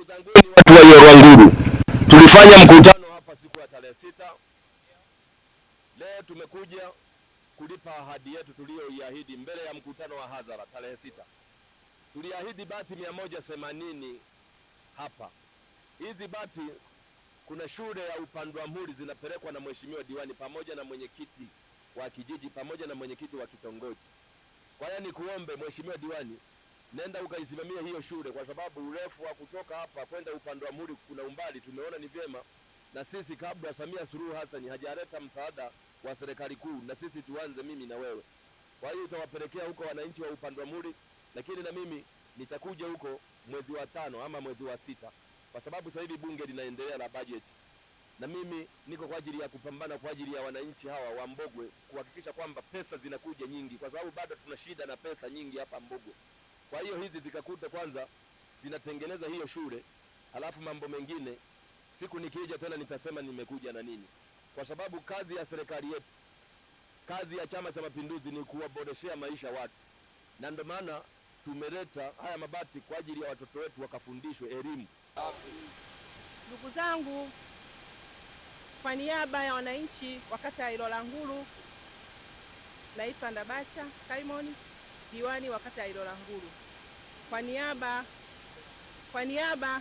Ndugu zanguni watu wa tulifanya mkutano hapa siku ya tarehe sita. Leo tumekuja kulipa ahadi yetu tuliyoiahidi mbele ya mkutano wa hadhara tarehe sita. Tuliahidi bati mia moja themanini hapa. Hizi bati kuna shule ya Upandwamhuri zinapelekwa na mheshimiwa diwani pamoja na mwenyekiti wa kijiji pamoja na mwenyekiti wa kitongoji. Kwa hiyo nikuombe mheshimiwa diwani nenda ukaisimamia hiyo shule, kwa sababu urefu wa kutoka hapa kwenda upande wa Muri kuna umbali. Tumeona ni vyema na sisi, kabla Samia Suluhu Hassan hajaleta msaada wa serikali kuu, na sisi tuanze, mimi na wewe. Kwa hiyo utawapelekea huko wananchi wa upande wa Muri, lakini na mimi nitakuja huko mwezi wa tano ama mwezi wa sita, kwa sababu sasa hivi bunge linaendelea la bajeti, na mimi niko kwa ajili ya kupambana kwa ajili ya wananchi hawa wa Mbogwe, kuhakikisha kwamba pesa zinakuja nyingi, kwa sababu bado tuna shida na pesa nyingi hapa Mbogwe. Kwa hiyo hizi zikakuta kwanza zinatengeneza hiyo shule, halafu mambo mengine siku nikija tena nitasema nimekuja na nini, kwa sababu kazi ya serikali yetu, kazi ya Chama cha Mapinduzi ni kuwaboreshea maisha watu, na ndio maana tumeleta haya mabati kwa ajili ya watoto wetu wakafundishwe elimu. Ndugu zangu, kwa niaba ya wananchi wa kata ya Ilolangulu, naitwa Ndabacha Simoni diwani wa kata ya Ilola Nguru, kwa niaba kwa niaba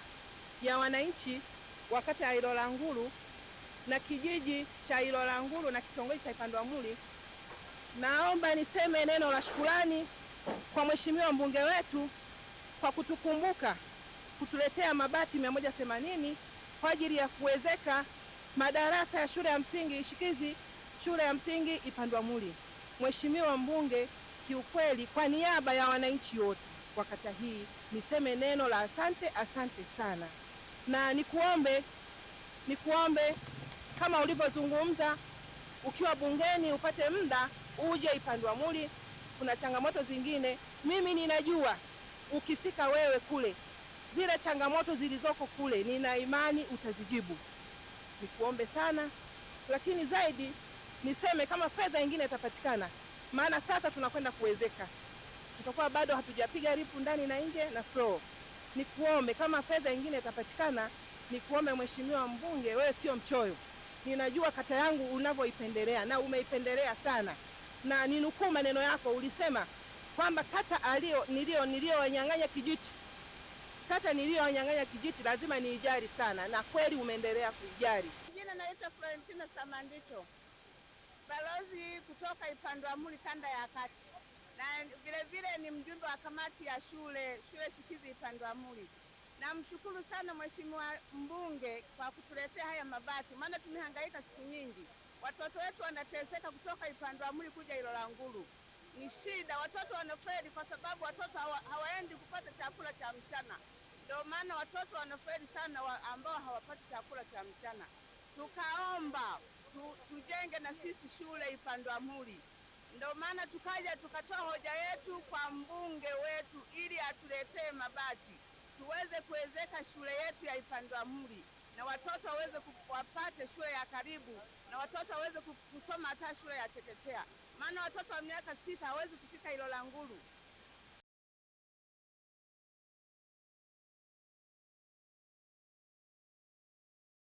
ya wananchi wa kata ya Ilola Nguru na kijiji cha Ilola Nguru na kitongoji cha Ipandwamuli, naomba niseme neno la shukrani kwa mheshimiwa mbunge wetu kwa kutukumbuka kutuletea mabati 180 kwa ajili ya kuwezeka madarasa ya shule ya msingi Ishikizi, shule ya msingi Ipandwamuli. Mheshimiwa mbunge kiukweli, kwa niaba ya wananchi wote wa kata hii niseme neno la asante, asante sana, na nikuombe, nikuombe kama ulivyozungumza ukiwa bungeni upate muda uje Ipandwamuli. Kuna changamoto zingine, mimi ninajua ukifika wewe kule zile changamoto zilizoko kule, nina imani utazijibu. Nikuombe sana, lakini zaidi niseme kama fedha nyingine itapatikana maana sasa tunakwenda kuwezeka, tutakuwa bado hatujapiga ripu ndani na nje na Ni Nikuombe kama fedha ingine itapatikana, nikuombe mheshimiwa mbunge, wewe sio mchoyo, ninajua kata yangu unavyoipendelea na umeipendelea sana, na ninukuu maneno yako, ulisema kwamba kata alio nilio niliyowanyang'anya kijiti kata niliyowanyang'anya kijiti lazima niijali sana, na kweli umeendelea kuijali. Jina naitwa Florentina Samandito kiongozi kutoka Ipandwamuli kanda ya kati, na vilevile ni mjumbe wa kamati ya shule shule shikizi na Namshukuru sana mheshimiwa mbunge kwa kutuletea haya mabati, maana tumehangaika siku nyingi, watoto wetu wanateseka kutoka Ipandwamuli kuja Ilolangulu ni shida, watoto wanafeli kwa sababu watoto hawa, hawaendi kupata chakula cha mchana. Ndio maana watoto wanafeli sana wa, ambao hawapati chakula cha mchana. Tukaomba na sisi shule Ipandwamuli. Ndio maana tukaja tukatoa hoja yetu kwa mbunge wetu ili atuletee mabati tuweze kuwezeka shule yetu ya Ipandwamuli na watoto waweze wapate shule ya karibu na watoto waweze kusoma hata shule ya chekechea, maana watoto wa miaka sita hawezi kufika Ilolangulu.